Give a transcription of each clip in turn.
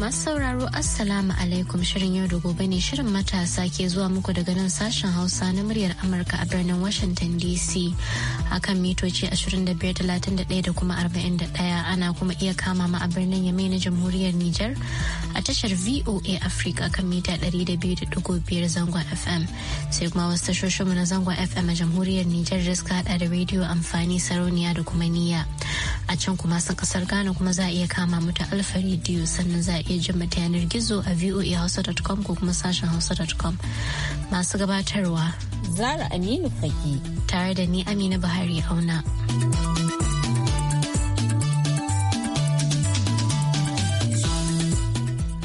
Masu sauraro Assalamu alaikum shirin yau da gobe ne shirin matasa ke zuwa muku daga nan sashen Hausa na muryar Amurka a birnin Washington DC akan mitoci 2531 da kuma 41 ana kuma iya kama ma a birnin Yamai na Jamhuriyar Nijar a tashar VOA Africa kan mita 200.5 zangon FM sai kuma wasu tashoshin mu na zangon FM a Jamhuriyar Nijar da suka hada da rediyo amfani sarauniya da kuma niyya a can kuma sun kasar Ghana kuma za a iya kama mu ta Alfa Radio sannan za a iya jin mata yanar gizo a voahausa.com ko kuma sashen hausa.com masu gabatarwa zara aminu fage tare da ni amina buhari auna.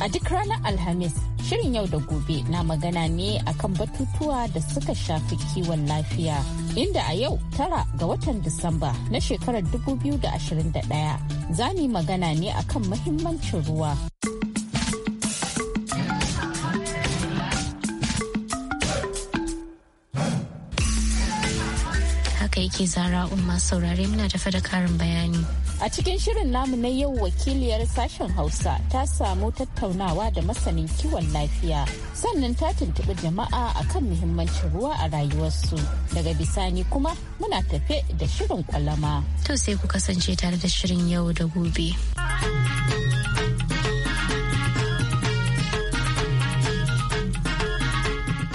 A duk ranar Alhamis, shirin yau da gobe na magana ne akan batutuwa da suka shafi kiwon lafiya. Inda a yau tara ga watan Disamba na shekarar 2021 za ni magana ne akan mahimmancin ruwa. nake zara umma saurare muna tafa da karin bayani. A cikin shirin namu na yau wakiliyar sashen Hausa ta samu tattaunawa da masanin kiwon lafiya sannan ta tuntuɓi jama'a akan muhimmancin ruwa a rayuwarsu. Daga bisani kuma muna tafe da shirin kwalama. To sai ku kasance tare da shirin yau da gobe.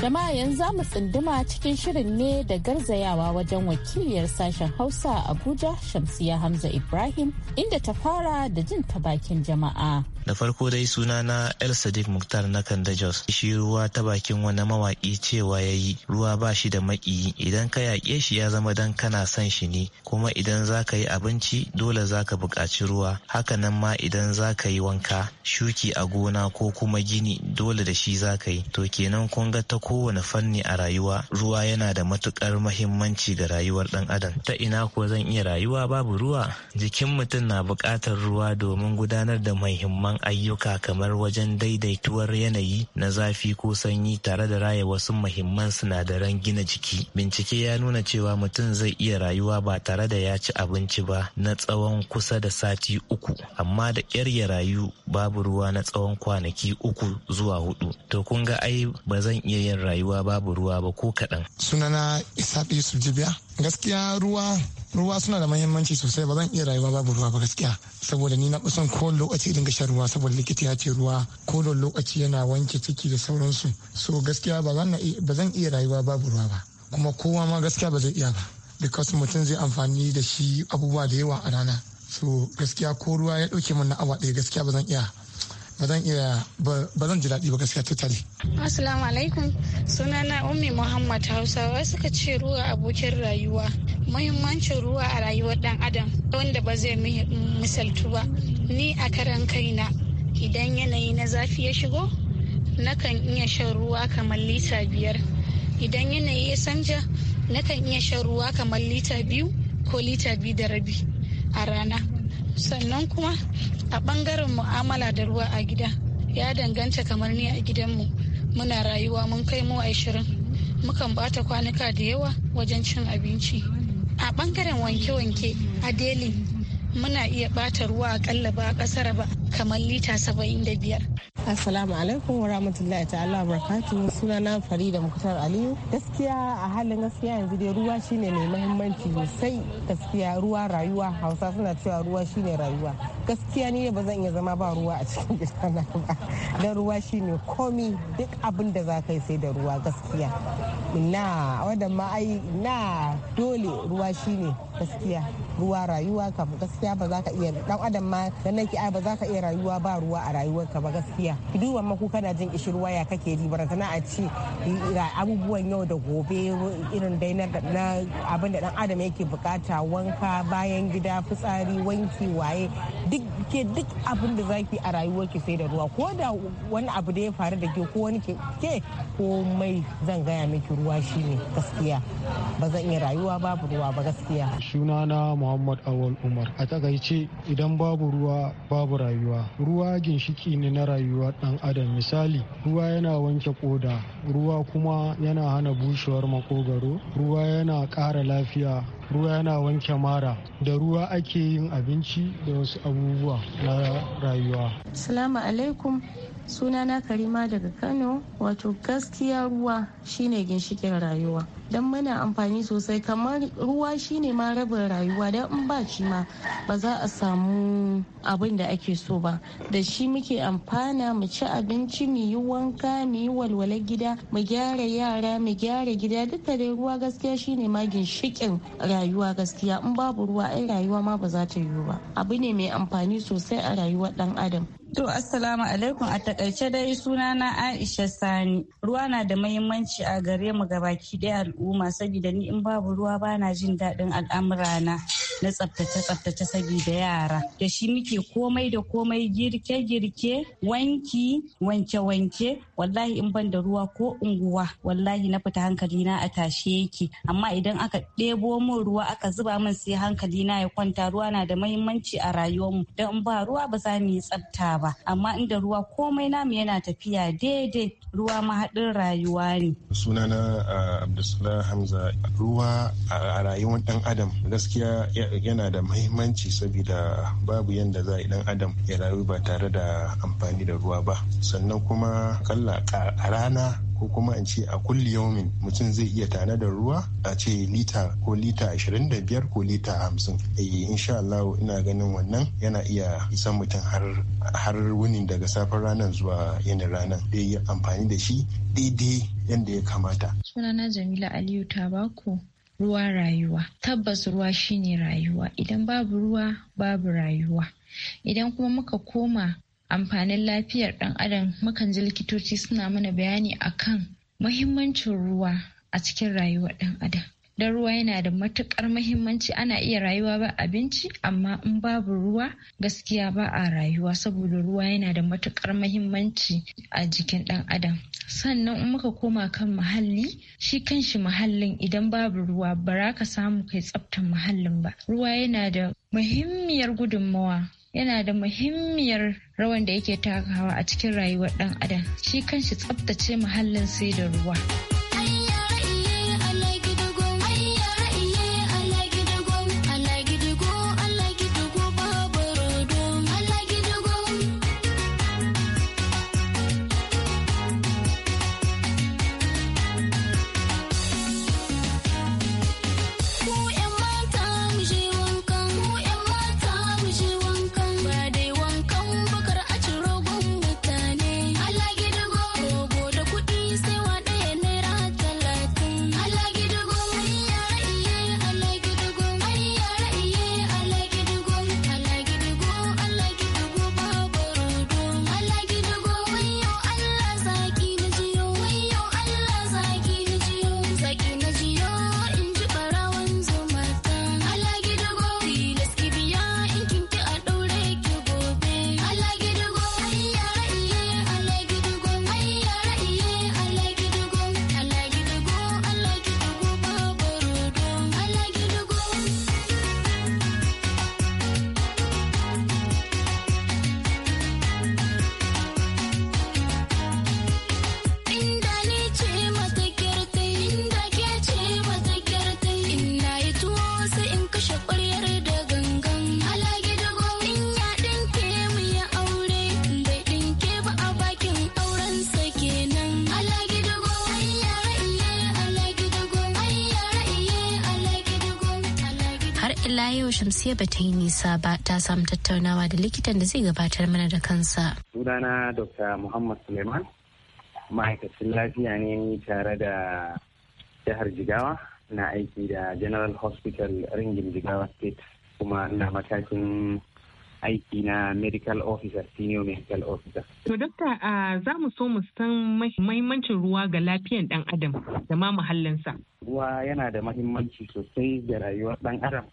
Jama'a yanzu za mu tsinduma cikin shirin ne da garzayawa wajen wakiliyar sashen Hausa Abuja Shamsiya Hamza Ibrahim inda ta fara da jin ta bakin jama'a. da farko dai suna na el sadiq muktar na Kande jos shi ruwa ta bakin wani mawaki cewa ya yi ruwa ba shi da maƙiyi idan ka yaƙe shi ya zama dan kana son shi ne kuma idan za ka yi abinci dole za ka buƙaci ruwa hakanan ma idan za ka yi wanka shuki a gona ko kuma gini dole da shi za ka yi to kenan kun ga ta kowane fanni a rayuwa ruwa yana da matuƙar mahimmanci ga rayuwar ɗan adam ta ina ko zan iya rayuwa babu ruwa jikin mutum na buƙatar ruwa domin gudanar da muhimman muhimman ayyuka kamar wajen daidaituwar yanayi na zafi ko sanyi tare da raya wasu muhimman sinadaran gina jiki. Bincike ya nuna cewa mutum zai iya rayuwa ba tare da ya ci abinci ba na tsawon kusa da sati uku, amma da ƙyar ya rayu babu ruwa na tsawon kwanaki uku zuwa hudu. To kun ga ai ba zan iya yin rayuwa babu ruwa ba ko kaɗan. Sunana Isa Yusuf gaskiya ruwa ruwa suna da mahimmanci sosai ba zan iya rayuwa babu ruwa ba gaskiya saboda ni na kusan ko lokaci dinga shan ruwa saboda likita ya ce ruwa ko da lokaci yana wanke ciki da sauransu so gaskiya ba zan iya rayuwa babu ruwa ba kuma kowa ma gaskiya ba zai iya ba because mutum zai amfani da shi abubuwa da yawa a rana so gaskiya ko ruwa ya dauke mun na awa ɗaya gaskiya ba zan iya ba zan iya ba ji daɗi ba gaskiya totally assalamu alaikum sunana ummi muhammad hausawa suka ce ruwa abokin rayuwa muhimmancin ruwa a rayuwar dan adam wanda ba zai misaltu ba ni a karan kaina idan yanayi na zafi ya shigo nakan iya shan ruwa kamar lita biyar idan yanayi ya sanja nakan iya shan ruwa kamar lita biyu ko lita biyu da rabi a rana sannan kuma a ɓangaren mu'amala da ruwa a gida ya danganta kamar ni a gidanmu muna rayuwa mun kai mu ashirin mukan bata kwanuka da yawa wajen cin abinci a ɓangaren wanke-wanke a deli muna iya bata ruwa akalla ba a ƙasar ba kamar lita saba'in da biyar Assalamu alaikum wa rahmatullahi ta'ala wa na sunana Farida Muktar Aliyu. Gaskiya a halin gaskiya yanzu dai ruwa shine mai mahimmanci sosai gaskiya ruwa rayuwa Hausa suna cewa ruwa shine rayuwa. Gaskiya ni ba zan iya zama ba ruwa a cikin gidana ba. Dan ruwa shine komi duk abin da za ka sai da ruwa gaskiya. Na wadan ma ai na dole ruwa shine gaskiya ruwa rayuwa kam gaskiya ba za ka iya dan adam ma da nake ai ba za ka iya rayuwa ba ruwa a rayuwarka ba gaskiya lafiya duban maku kana jin ishir waya kake ji sana a ce ga abubuwan yau da gobe irin dai na abin da dan adam yake bukata wanka bayan gida fitsari wanki waye duk ke duk abin da zaki a rayuwar ki sai da ruwa ko da wani abu da ya faru da ke ko wani ke mai zan gaya miki ruwa shine gaskiya ba zan iya rayuwa babu ruwa ba gaskiya na muhammad awal umar a takaice idan babu ruwa babu rayuwa ruwa ginshiki ne na rayuwa dan adam misali ruwa yana wanke koda ruwa kuma yana hana bushewar makogaro ruwa yana ƙara lafiya ruwa yana wanke mara da ruwa ake yin abinci da wasu abubuwa na rayuwa salamu alaikum sunana karima daga kano wato gaskiya ruwa shine ginshikin rayuwa don muna amfani sosai kamar ruwa shine ma rabin rayuwa don in ba shi ma ba za a samu abin da ake so ba da shi muke amfana mu ci abinci mu yi wanka mu yi walwale gida mu gyara yara mu gyara gida duka dai ruwa gaskiya shine ma ginshikin rayuwa gaskiya in babu ruwa ai rayuwa ma ba za ta yiwu ba abu ne mai amfani sosai a rayuwar dan adam To assalamu alaikum a takaice dai sunana Aisha Sani. Ruwa na da muhimmanci a gare mu gabaki daya al'umma saboda ni in babu ruwa bana jin daɗin al'amurana na tsaftace-tsaftace saboda yara da shi muke komai da komai girke-girke wanki wanke-wanke wallahi in ban da ruwa ko unguwa wallahi na fita hankali na a tashe yake amma idan aka ɗebo min ruwa aka zuba min sai hankali na ya kwanta ruwa na da mahimmanci a rayuwar mu don in ba ruwa ba za mu yi tsafta ba amma inda ruwa komai namu yana tafiya daidai ruwa mahaɗin rayuwa ne sunana abdulsalam hamza ruwa a rayuwar ɗan adam gaskiya yana da mahimmanci saboda babu yanda za a yi dan adam ya rayu ba tare da amfani da ruwa ba sannan kuma kalla Allah a rana ko kuma in ce a kulli yaumin mutum zai iya tana da ruwa a ce lita ko lita 25 ko lita 50 eh insha Allah ina ganin wannan yana iya isan mutum har wuni wunin daga safar ranar zuwa yin ranar da yi amfani da shi daidai yadda ya kamata sunana Jamila Aliyu Tabako ruwa rayuwa tabbas ruwa shine rayuwa idan babu ruwa babu rayuwa idan kuma muka koma amfanin lafiyar ɗan adam mukan ji likitoci suna mana bayani akan mahimmancin ruwa a cikin rayuwar ɗan adam don ruwa yana da matuƙar mahimmanci ana iya rayuwa ba abinci amma in babu ruwa gaskiya ba a rayuwa saboda ruwa yana da matuƙar mahimmanci a jikin ɗan adam sannan in muka koma kan muhalli shi kanshi muhallin idan babu ruwa ba ka samu kai tsaftar muhallin ba ruwa yana da muhimmiyar gudunmawa yana da muhimmiyar rawan da yake takawa a cikin rayuwar ɗan adam shi kanshi tsabtace muhallin sai da ruwa. shamsiya ba ta yi nisa ba ta samu tattaunawa da likitan da zai gabatar mana da kansa. Sunana Dr. Muhammad Suleiman, ma'aikacin lafiya ne tare da jihar Jigawa na aiki da General Hospital Ringin Jigawa State kuma na matakin aiki na medical officer senior medical officer. To dokta za mu so mu san mahimmancin ruwa ga lafiyan dan adam da ma muhallinsa. Ruwa yana da mahimmanci sosai ga rayuwar dan adam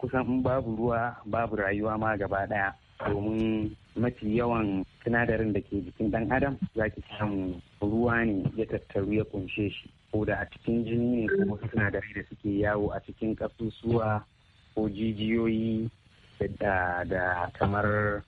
kusan babu ruwa babu rayuwa ma gaba daya domin mafi yawan sinadarin da ke jikin dan adam za ki samu ruwa ne ya tattaru ya kunshe shi ko da a cikin jini ne ko wasu sinadarai da suke yawo a cikin kasusuwa ko jijiyoyi da kamar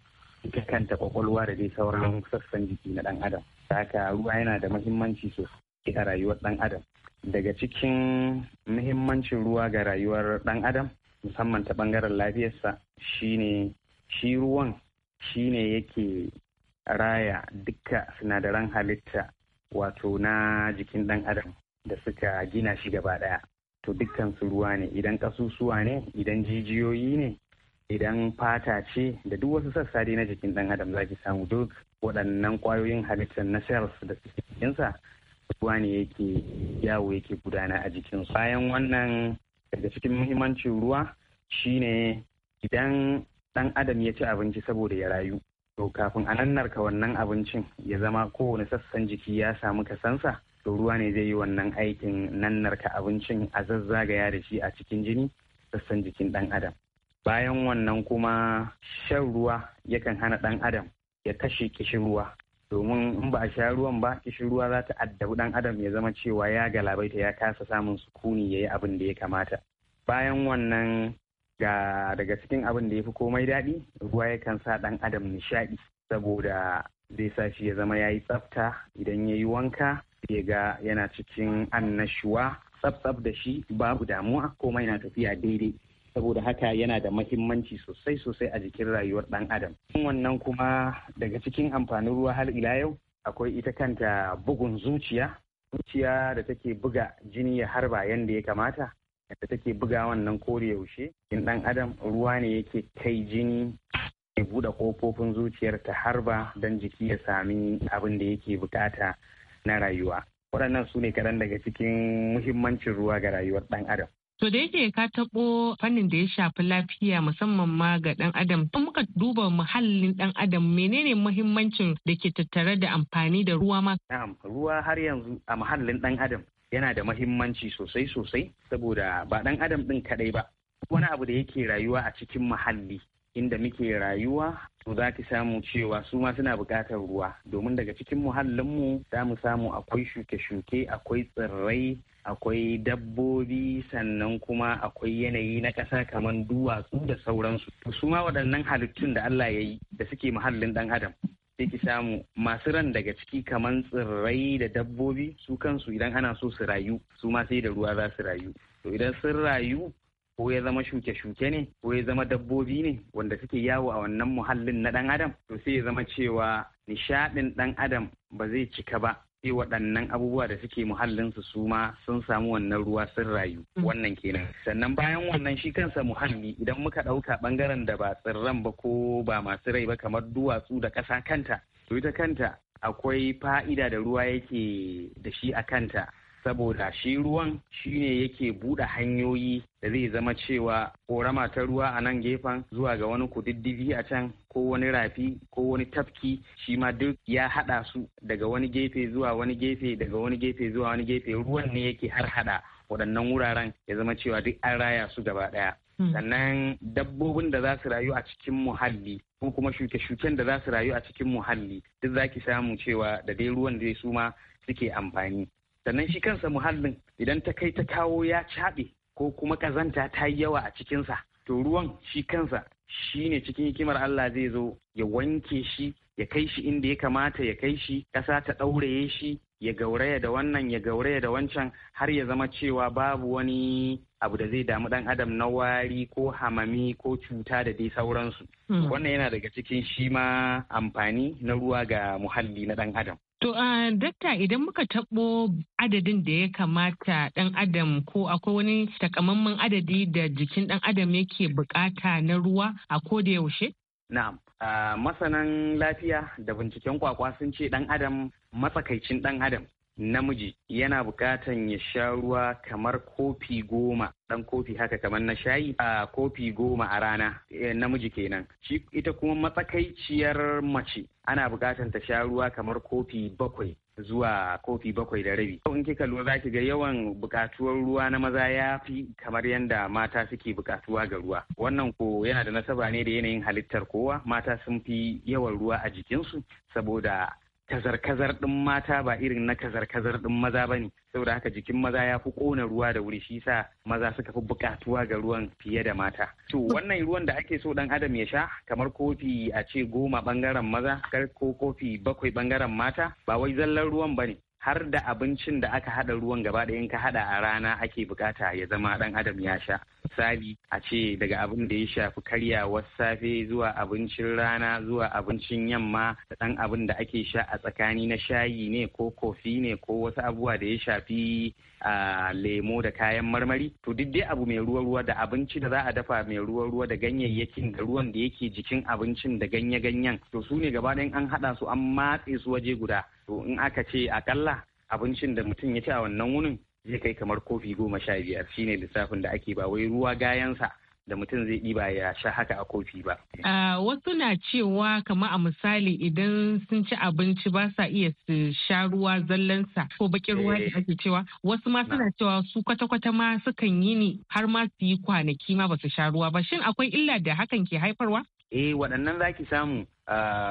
ita kanta kwakwalwa da dai sauran sassan jiki na dan adam haka ruwa yana da muhimmanci sosai a rayuwar dan adam daga cikin mahimmancin ruwa ga rayuwar dan adam musamman ta bangaren lafiyarsa shine shi ruwan shine yake raya duka sinadaran halitta wato na jikin dan adam da suka gina shi gaba daya to dukkan su ruwa ne idan kasusuwa ne idan jijiyoyi ne idan fata ce da duk wasu sassa dai na jikin dan adam zaki samu duk waɗannan ƙwayoyin halittar na cells da suke jikinsa ruwa ne yake yawo yake gudana a jikinsu bayan wannan daga cikin muhimmancin ruwa shine idan dan adam ya ci abinci saboda ya rayu to kafin a nannarka wannan abincin ya zama kowane sassan jiki ya samu kasansa to ruwa ne zai yi wannan aikin nannarka abincin a zazzagaya da shi a cikin jini sassan jikin dan adam bayan wannan kuma shan ruwa yakan hana ɗan adam ya kashe kishin ruwa domin in ba a sha ruwan ba kishin ruwa za ta addabi ɗan adam ya zama cewa ya galabaita ya kasa samun sukuni ya yi abin da ya kamata bayan wannan ga daga cikin abin da ya fi komai daɗi ruwa yakan sa ɗan adam nishaɗi saboda zai sa shi ya zama ya yi tsafta idan ya yi wanka ya ga yana cikin annashuwa tsaf da shi babu damuwa komai na tafiya daidai saboda haka yana da mahimmanci sosai sosai a jikin rayuwar ɗan adam wannan kuma daga cikin amfanin ruwa har ila yau akwai ita kanta bugun zuciya zuciya da take buga jini ya harba yadda ya kamata da take buga wannan kore yaushe in ɗan adam ruwa ne yake kai jini ya buɗe kofofin zuciyar ta harba don jiki ya sami abin da yake bukata na rayuwa waɗannan su ne kaɗan daga cikin muhimmancin ruwa ga rayuwar ɗan adam To da yake ka taɓo fannin da ya shafi lafiya musamman ma ga ɗan adam. In muka duba muhallin ɗan adam menene muhimmancin da ke tattare da amfani da ruwa ma? ruwa har yanzu a muhallin ɗan adam yana da muhimmanci sosai sosai saboda ba ɗan adam ɗin kaɗai ba. Wani abu da yake rayuwa a cikin muhalli inda muke rayuwa to za ki samu cewa su ma suna buƙatar ruwa domin daga cikin muhallinmu za mu samu akwai shuke-shuke akwai tsirrai akwai dabbobi sannan kuma akwai yanayi na ƙasa kamar duwatsu da sauransu su ma waɗannan halittun da Allah ya yi da suke muhallin ɗan adam sai ki samu masu ran daga ciki kamar tsirrai da dabbobi su kansu idan ana so su rayu su ma sai da ruwa za su rayu to idan sun rayu ko ya zama shuke-shuke ne ko ya zama dabbobi ne wanda suke yawo a wannan muhallin na ɗan adam to sai ya zama cewa nishaɗin ɗan adam ba zai cika ba sai waɗannan abubuwa da suke muhallinsu su ma sun samu wannan ruwa sun rayu mm. wannan kenan sannan bayan wannan shi kansa muhalli idan muka ɗauka ɓangaren da ba tsirran ba ko ba masu rai ba kamar duwatsu da ƙasa kanta to ita kanta akwai fa'ida da ruwa yake da shi a kanta saboda shi ruwan shi ne yake buɗe hanyoyi da zai zama cewa ƙorama ta ruwa a nan gefen zuwa ga wani kududdufi a can ko wani rafi ko wani tafki shi ma duk ya haɗa su daga wani gefe zuwa wani gefe daga wani gefe zuwa wani gefe ruwan ne yake har haɗa waɗannan wuraren ya zama cewa duk an raya su gaba ɗaya hmm. sannan dabbobin da za su rayu a cikin muhalli ko kuma shuke-shuken da za su rayu a cikin muhalli duk za ki samu cewa da dai ruwan da suma suke amfani sannan shi kansa muhallin idan ta kai ta kawo ya caɓe ko kuma ƙazanta ta yi yawa a cikinsa to ruwan shi kansa shi ne cikin hikimar Allah zai zo ya wanke shi ya kai shi inda ya kamata ya kai shi ƙasa ta ɗauraye shi ya gauraya da wannan ya gauraya da wancan har ya zama cewa babu wani abu da zai damu ɗan adam na wari ko hamami ko cuta da dai sauransu hmm. wannan yana daga cikin shi ma amfani na ruwa ga muhalli na ɗan adam To, a dakta idan muka taɓo adadin da ya kamata ɗan adam ko akwai wani takamaiman adadi da jikin ɗan adam yake bukata na ruwa a ko da yaushe? Na'am, masanan lafiya da binciken kwakwa sun ce ɗan adam matsakaicin ɗan adam namiji yana bukatan ya sha ruwa kamar kofi goma dan kofi haka kamar na shayi a kofi goma a rana eh, namiji kenan shi ita kuma matsakaiciyar mace ana bukatan ta sha ruwa kamar kofi bakwai zuwa kofi bakwai da rabi. In kika lura za ki ga yawan bukatuwar ruwa na maza ya fi kamar yadda mata suke bukatuwa ga ruwa. Wannan ko yana da nasaba ne da yanayin halittar kowa mata sun fi yawan ruwa a jikinsu saboda kazar-kazar ɗin mata ba irin na kazar-kazar ɗin maza ba ne saboda haka jikin maza ya fi ƙona ruwa da wuri shi sa maza suka fi buƙatuwa ga ruwan fiye da mata to wannan ruwan da ake so ɗan adam ya sha kamar kofi a ce goma ɓangaren maza kar ko kofi bakwai ɓangaren mata ba wai zallan ruwan ba ne har da abincin da aka haɗa ruwan gaba ɗaya in ka haɗa a rana ake buƙata ya zama ɗan adam ya sha misali a ce daga abin da ya shafi karya karyawar safe zuwa abincin rana zuwa abincin yamma da ɗan abin da ake sha a tsakani na shayi ne ko kofi ne ko wasu abubuwa da ya shafi a lemo da kayan marmari to duk dai abu mai ruwa ruwa da abinci da za a dafa mai ruwa ruwa da ganyayyakin da ruwan da yake jikin abincin da ganye ganyen to su ne gaba an haɗa su an matse su waje guda to in aka ce akalla abincin da mutum ya ci a wannan wunin zai kai kamar kofi goma sha biyar shine lissafin da ake ba wai ruwa gayansa da mutum zai ɗiba ya sha haka a kofi ba. A wasu na cewa kama a misali idan sun ci abinci ba sa iya su sha ruwa zallansa ko bakin ruwa da ake cewa wasu ma suna cewa su kwata-kwata ma sukan yi ni har ma su yi kwanaki ma ba su sha ruwa ba shin akwai illa da hakan ke haifarwa? Eh waɗannan zaki samu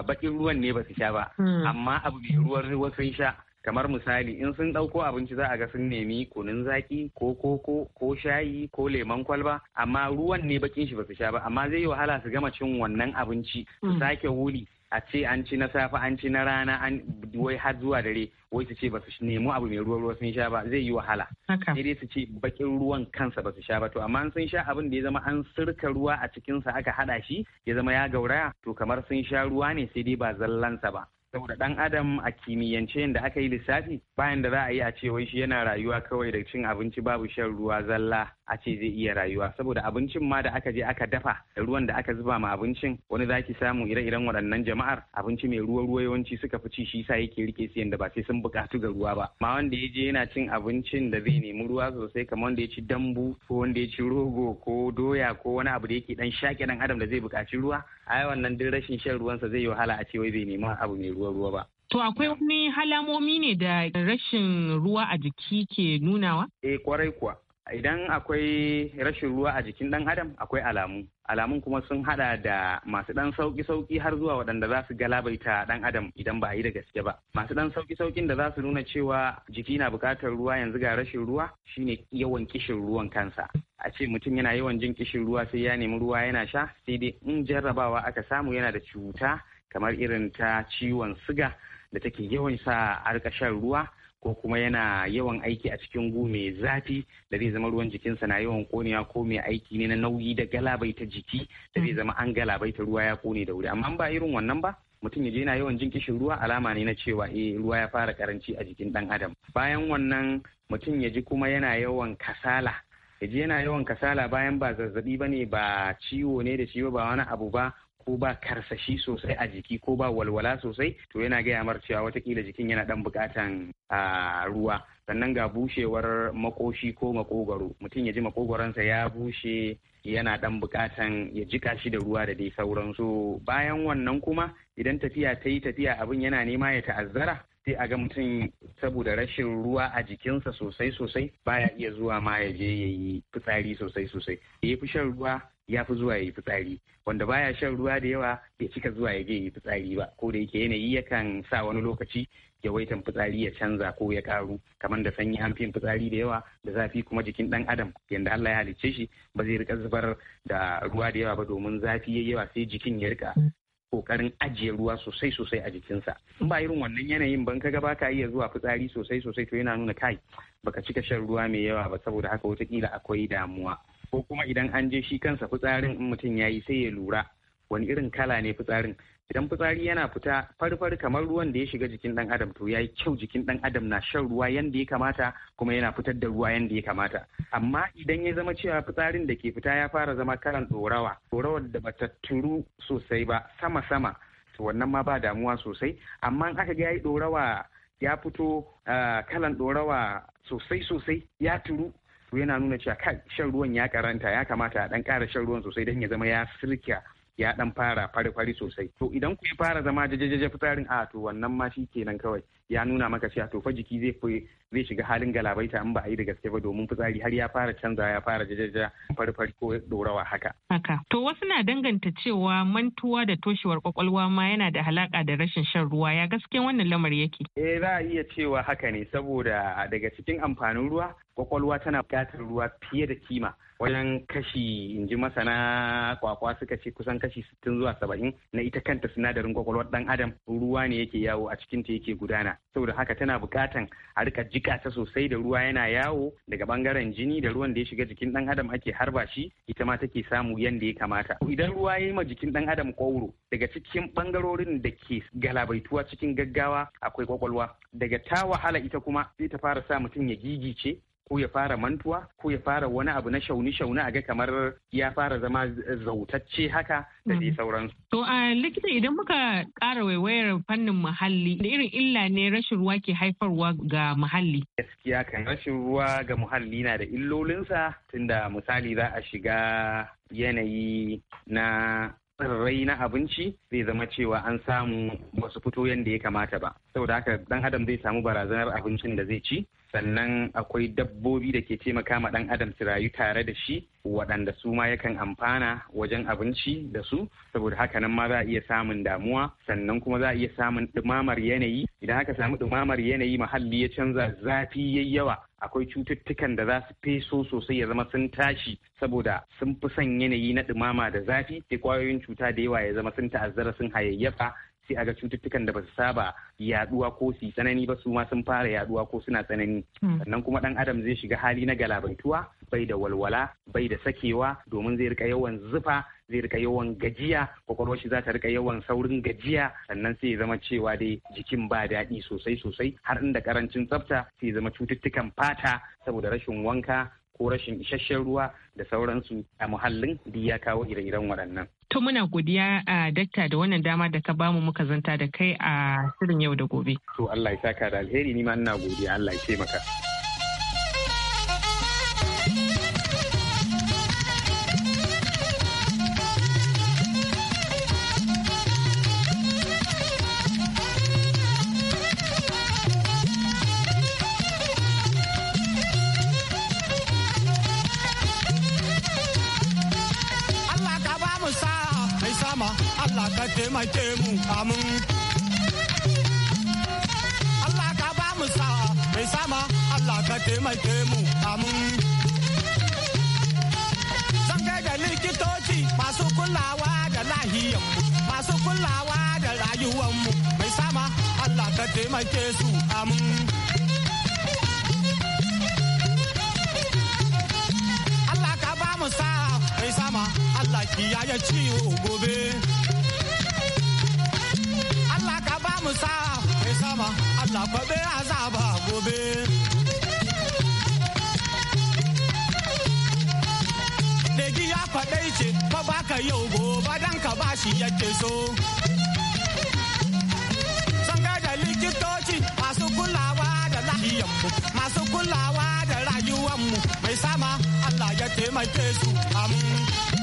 bakin ruwan ne ba su sha ba hmm. amma abu mai ruwan ruwa sun sha kamar misali in sun ɗauko abinci za a ga sun nemi kunun zaki ko koko ko shayi ko lemon kwalba amma ruwan ne bakin shi ba su sha ba amma zai yi wahala su gama cin wannan abinci su mm. sake wuri a ce an ci na safe an ci na rana an wai har zuwa dare wai su ce ba su nemi abu mai ruwa ruwa sun sha ba zai yi wahala sai dai su ce bakin ruwan kansa ba su sha ba to amma sun sha abin da ya zama an sirka ruwa a cikinsa aka hada shi ya zama ya gauraya to kamar sun sha ruwa ne sai dai ba zallansa ba saboda dan adam a kimiyyance da aka yi lissafi bayan da za a yi a ce wai shi yana rayuwa kawai da cin abinci babu shan ruwa zalla a ce zai iya rayuwa saboda abincin ma da aka je aka dafa da ruwan da aka zuba ma abincin wani zaki samu ire-iren waɗannan jama'ar abinci mai ruwa-ruwa yawanci suka fi ci shi sa yake rike su yanda ba sai sun buƙatu ga ruwa ba ma wanda ya je yana cin abincin da zai nemi ruwa sosai kamar wanda ya ci dambu ko wanda ya ci rogo ko doya ko wani abu da yake dan shaƙe dan adam da zai buƙaci ruwa ai wannan duk rashin shan ruwansa zai yi wahala a ce wai bai nemi abu mai ruwa-ruwa ba To akwai wani halamomi ne da rashin ruwa a jiki ke nunawa? Eh kwarai kuwa. idan akwai rashin ruwa a jikin ɗan adam akwai alamu alamun kuma sun hada da masu ɗan sauki sauki har zuwa waɗanda za su galabaita ɗan adam idan ba a yi da gaske ba masu ɗan sauki saukin da za su nuna cewa jiki na buƙatar ruwa yanzu ga rashin ruwa shine yawan kishin ruwan kansa a ce mutum yana yawan jin kishin ruwa sai ya nemi ruwa yana sha sai dai in jarrabawa aka samu yana da cuta kamar irin ta ciwon suga da take yawan sa a ruwa ko kuma yana yawan aiki a cikin gu mai zafi da zai zama ruwan jikinsa na yawan konewa ko mai aiki ne na nauyi da galabaita jiki da zai mm. zama an galabaita ruwa ya kone da wuri amma ba irin wannan ba mutum ya je yana yawan jin kishin ruwa alama ne na cewa eh ruwa ya fara karanci a jikin dan adam bayan wannan mutum ya ji kuma yana yawan kasala ya ji yana yawan kasala bayan ba zazzabi ba ne ba ciwo ne da ciwo ba wani abu ba ko ba karsashi sosai a jiki ko ba walwala sosai to yana gaya mar cewa watakila jikin yana dan bukatan ruwa sannan ga bushewar makoshi ko makogwaro mutum ya ji makogwaronsa ya bushe yana dan bukatan ya jika shi da ruwa da dai sauransu bayan wannan kuma idan tafiya ta yi tafiya abin yana nema ya ta'azzara sai a ga mutum saboda rashin ruwa a jikinsa sosai sosai baya iya zuwa ma ya je ya yi fitsari sosai sosai ya fi shan ruwa ya fi zuwa ya yi fitsari wanda baya shan ruwa da yawa ya cika zuwa ya je yi fitsari ba ko da yake yanayi yakan sa wani lokaci ya waitan fitsari ya canza ko ya karu kamar da sanyi an fin fitsari da yawa da zafi kuma jikin dan adam yanda Allah ya halicce shi ba zai rika zubar da ruwa da yawa ba domin zafi ya yawa sai jikin ya rika kokarin ajiye ruwa sosai sosai a jikinsa in ba irin wannan yanayin ban kaga ba ka iya zuwa fitsari sosai sosai to yana nuna kai baka cika shan ruwa mai yawa ba saboda haka watakila akwai damuwa ko kuma idan an je shi kansa fitsarin in mutum ya yi sai ya lura wani irin kala ne fitsarin idan fitsari yana fita farfar kamar ruwan da ya shiga jikin dan adam to ya yi kyau jikin dan adam na shan ruwa yanda ya kamata kuma yana fitar da ruwa yanda ya kamata amma idan ya zama cewa fitsarin da ke fita ya fara zama kalan tsorawa tsorawar da bata turu sosai ba sama sama to wannan ma ba damuwa sosai amma in aka ga yi dorawa ya fito ah, kalan ɗorawa sosai sosai ya turu to yana nuna cewa kai shan ruwan ya karanta ya kamata a dan ƙara shan ruwan sosai don ya zama ya sirka ya dan fara fari-fari sosai to idan ku fara zama jajajajen fitsarin a to wannan ma shi kenan kawai ya nuna maka cewa to fa jiki zai zai shiga halin galabaita in ba a yi da gaske ba domin fitsari har ya fara canza ya fara jajaja fari-fari ko dorawa haka haka to wasu na danganta cewa mantuwa da toshewar kwakwalwa ma yana da halaka da rashin shan ruwa ya gaske wannan lamari yake eh za a iya cewa haka ne saboda daga cikin amfanin ruwa kwakwalwa tana buƙatar ruwa fiye da kima wajen kashi in ji masana kwakwa suka ce kusan kashi sittin zuwa saba'in na ita kanta sinadarin kwakwalwar dan adam ruwa ne yake yawo a cikin ta yake gudana saboda haka tana bukatan a rika jika ta sosai da ruwa yana yawo daga bangaren jini da ruwan da ya shiga jikin dan adam ake harba shi ita ma take samu yanda ya kamata idan ruwa ya yi ma jikin dan adam kwauro daga cikin bangarorin da ke galabaituwa cikin gaggawa akwai kwakwalwa daga ta wahala ita kuma sai ta fara sa mutum ya gigice ko ya fara mantuwa ko ya fara wani abu na shauni-shauni a ga kamar ya fara zama zautacce haka da dai mm. sauransu. To a likita idan muka ƙara waiwayar fannin muhalli da irin illa ne rashin ruwa ke haifarwa ga muhalli. Gaskiya kan rashin ruwa ga muhalli na da illolinsa tunda misali za a shiga yanayi na tsirrai na abinci zai zama cewa an samu wasu fito yadda ya kamata ba saboda haka dan adam zai samu barazanar abincin da zai ci sannan akwai dabbobi da ke taimaka ma ɗan adam su rayu tare da shi waɗanda su ma yakan amfana wajen abinci da su saboda haka nan ma za a iya samun damuwa sannan kuma za a iya samun ɗumamar yanayi idan aka samu ɗumamar yanayi muhalli ya canza zafi yayi yawa akwai cututtukan da za su feso sosai ya zama sun tashi saboda sun fi son yanayi na ɗumama da zafi sai kwayoyin cuta da yawa ya zama sun ta'azzara sun hayayyafa sai a ga cututtukan da ba su saba yaduwa ko su tsanani ba su ma sun fara yaduwa ko suna tsanani hmm. sannan kuma dan adam zai shiga hali na galabantuwa bai da walwala bai da sakewa domin zai rika yawan zufa zai rika yawan gajiya kwakwalwar shi za ta rika yawan saurin gajiya sannan sai ya zama cewa dai jikin ba daɗi sosai sosai har inda karancin tsafta sai ya zama cututtukan fata saboda rashin wanka ko rashin isasshen ruwa da sauransu a muhallin duk ya kawo ire-iren waɗannan. To muna godiya a dakta da wannan dama da ka bamu muka zanta da kai a shirin yau da gobe. To Allah ya saka da alheri ni ma ina godiya Allah ya taimaka. taimake mu amin Allah ka ba mu sa'a mai sama Allah ka taimake mu amin zan kai da likitoci masu kulawa da lahiyar masu kulawa da mu mai sama Allah ka taimake su amin Allah ka ba mu sa'a mai sama Allah kiyaye ciwo gobe. musa sa mai sama Allah kwabe azaba gobe. Daji ya faɗai ce fa baka yau gobe dan ka bashi yake so. Sun da likitoci masu kulawa da lahiyanmu masu kulawa da rayuwanmu mai sama Allah ya taimake su amin.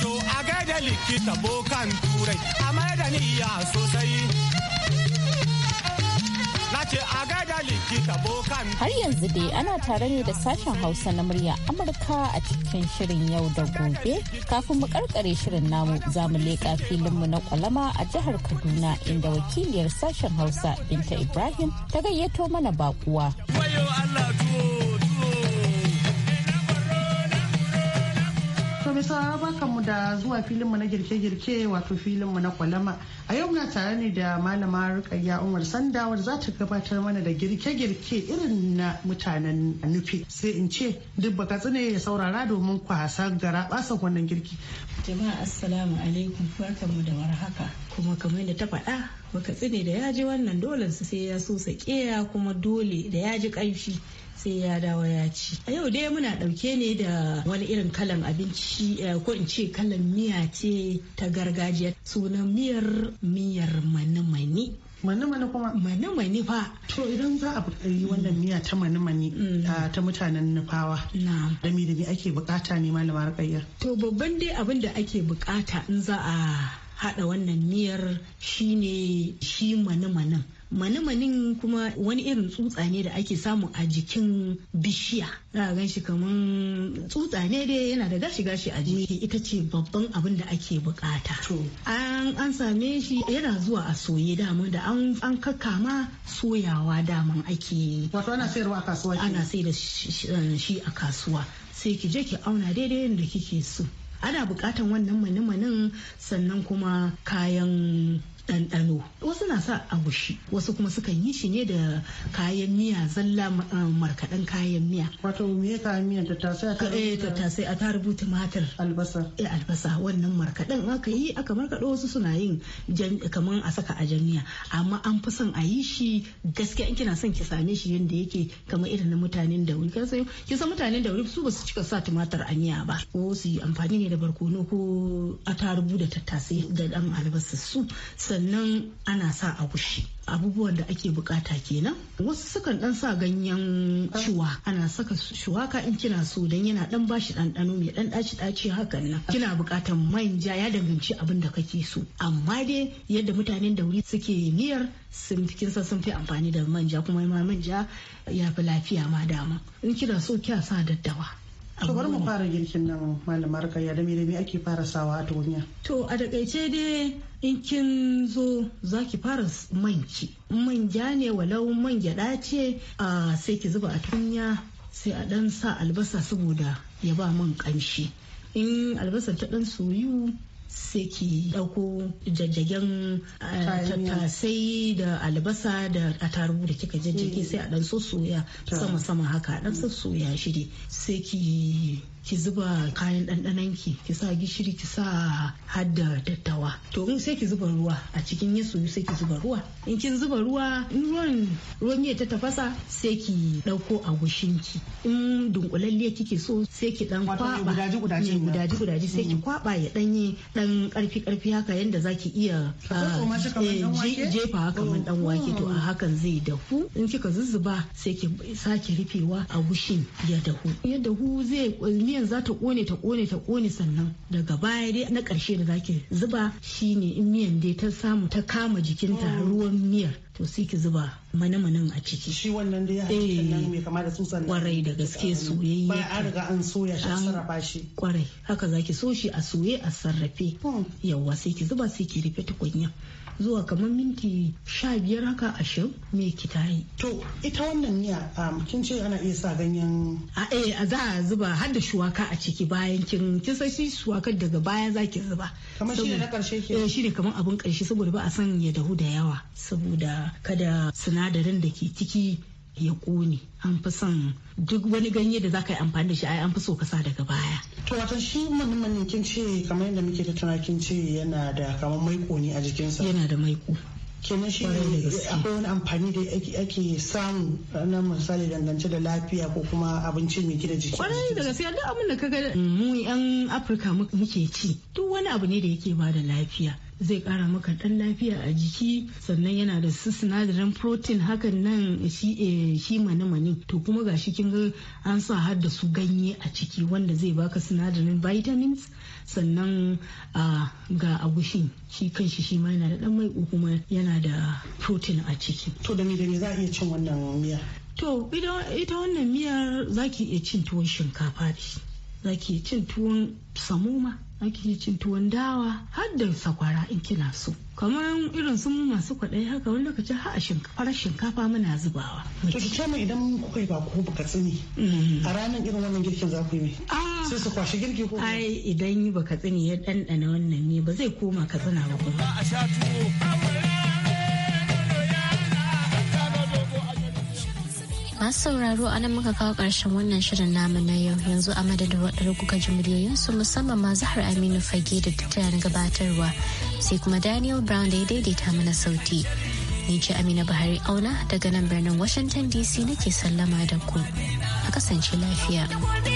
to a gaida likita bokan turai a mai sosai Har yanzu dai ana tare ne da sashen Hausa na murya Amurka a cikin shirin yau da gobe. Kafin mu karkare shirin namu za mu leƙa filinmu na kwalama a jihar Kaduna inda wakiliyar sashen Hausa Binta Ibrahim ta gayyato mana bakuwa. Wayo Allah mai saurara mu da zuwa filin mu na girke-girke wato filin mu na kwalama. A yau muna tare ne da malama Rukayya Umar Sandawar za ta gabatar mana da girke-girke irin na mutanen nufi. Sai in ce duk baka tsine ya saurara domin kwasa gara basan wannan girki. Jama'a assalamu alaikum barkan mu da warhaka. Kuma kamar da ta faɗa baka tsine da ya ji wannan dole sai ya so sa kuma dole da ya ji ƙamshi. sai ya dawo ya ci a yau dai muna ɗauke ne da wani irin kalan abinci eh, ko in ce kalan miya ce ta gargajiya sunan miyar miyar mani-mani mani-mani kuma mani-mani fa to idan za a yi wannan mm. miya ta mani-mani mm. ta mutanen nufawa da me da ake bukata ne malama rakayya to babban dai abin da ake bukata in za a hada wannan miyar shine shi mani-manin mani kuma wani irin tsutsa ne da ake samu a jikin bishiya za a gan shi kaman tsutsa ne dai yana da gashi-gashi a jiki ita ce babban abin da ake bukata an same shi yana zuwa a soye dama da an kakkama soyawa daman ake wato ana sayarwa a kasuwa ana sai da um, shi a kasuwa sai ki je ki auna daidai yadda kike so ana bukatan wannan mani sannan kuma kayan ɗanɗano wasu na sa mushi wasu kuma sukan yi shi ne da kayan miya zalla eh, markaɗen kayan miya wato me kayan miya tattasai tattasai a tarubu eh, tumatir albasa eh albasa wannan markaɗen aka yi aka markaɗo wasu suna yin kaman a saka a miya amma an fi son a yi shi gaskiya in kina son ki same shi yadda yake kamar irin na mutanen da wuri kasan ki san mutanen da wuri su ba su cika sa tumatir a miya ba ko su yi amfani ne da barkono ko a tarubu da tattasai da dan albasa su sannan ana sa agushi abubuwan da ake bukata kenan wasu sukan dan sa ganyen shuwa ana saka shuwaka in kina so dan yana dan bashi ɗanɗano mai dan daci daci hakan nan kina bukatan manja ya danganci abin da kake so amma dai yadda mutanen da wuri suke niyyar sun fi kinsa sun fi amfani da manja kuma ma manja ya fi lafiya ma dama in kina so kya sa daddawa To bari mu fara girkin nan malamar kaya da me ake fara sawa a tukunya. To a takaice dai in kin zo za ki fara manki. Manja ne walau man gyada ce sai ki zuba a tukunya sai a dan sa albasa saboda ya ba man kanshi. In albasa ta dan soyu ki ɗauko jajjagen eh, tattasai da albasa da attarugu da kika jajjage mm. sai a ɗan soya sama sama haka a ɗan soya shi sai ki ki zuba kayan ɗanɗanon ki ki sa gishiri ki sa hadda tattawa to in sai ki zuba ruwa a cikin ya sai ki zuba ruwa in kin zuba ruwa in ruwan ruwan ya ta tafasa sai ki ɗauko gushin ki in dunkulalle kike so sai ki dan kwaba ne gudaji gudaji sai ki mm. kwaba ya ɗanye dan karfi karfi haka yanda zaki iya ah, eh, jefa haka man dan oh. wake to a hakan zai dahu in kika zuzzuba sai ki sake rufewa agushin ya dahu ya dahu zai miyan za ta kone ta kone ta kone sannan daga baya dai na karshe da zaki zuba shine in miyan dai ta samu ta kama jikinta oh. ruwan miyar to sai ki zuba mana-manan a ciki shi wannan dai ya nan eh, mai kama da tsutsan kwarai da gaske soyayya ba riga an soya shi sarrafa shi kwarai haka zaki so shi a soye a sarrafe oh. yawa sai ki zuba sai ki rufe tukunya zuwa kamar minti sha biyar haka ashirin me kita yi. To ita wannan miya um, kin ce ana iya sa ganyen. A eh a za a zuba har da shuwaka a ciki bayan kin kin san shi shuwakar daga baya za ki zuba. Kamar shi ne na karshe ke. Eh shi ne kamar abin karshe saboda ba a san ya dahu da yawa saboda kada sinadarin da ke ciki ya ƙone an fi son duk wani ganye da za ka yi amfani da shi ai an fi so ka sa daga baya. To wato shi manumani kin ce kamar yadda muke tattauna kin ce yana da kamar mai ne a jikinsa. Yana da maiko. kenan shi akwai wani amfani da ake samu na misali dangance da lafiya ko kuma abinci mai gina jiki kwarai da gaske duk abin da ga mu yan afirka muke ci duk wani abu ne da yake ba da lafiya zai kara maka dan lafiya a jiki sannan yana da su sinadarin protein hakan nan shi eh, shi mani to kuma shi kin ga an sa har da su ganye a ciki wanda zai baka sinadarin vitamins sannan ga agushin shi kanshi shi ma yana da dan mai kuma yana da protein a ciki to da me za a iya cin wannan miya to ita wannan miyar zaki iya cin tuwon shinkafa da shi ake cin tuwon samoma ake cin tuwon dawa har da sakwara in kina so kamar irin su masu kwaɗayi haka wani lokaci har a farar shinkafa muna zubawa. To ki mu idan kuka yi ku baka tsini mm. a ranar irin wannan girkin za ku yi ah. sai su kwashi girki ko ai idan yi baka tsini ya ɗanɗana wannan ne ba zai koma ka tsina ba kuma. Masu sauraro anan muka kawo ƙarshen wannan shirin namu na yau yanzu a madadin waɗanda kuka ji muryoyinsu musamman ma Zahar Aminu Fage da tattalin gabatarwa sai kuma Daniel Brown da ya daidaita mana sauti. Ni ce Amina Buhari Auna daga nan birnin Washington DC nake sallama da ku. A kasance lafiya.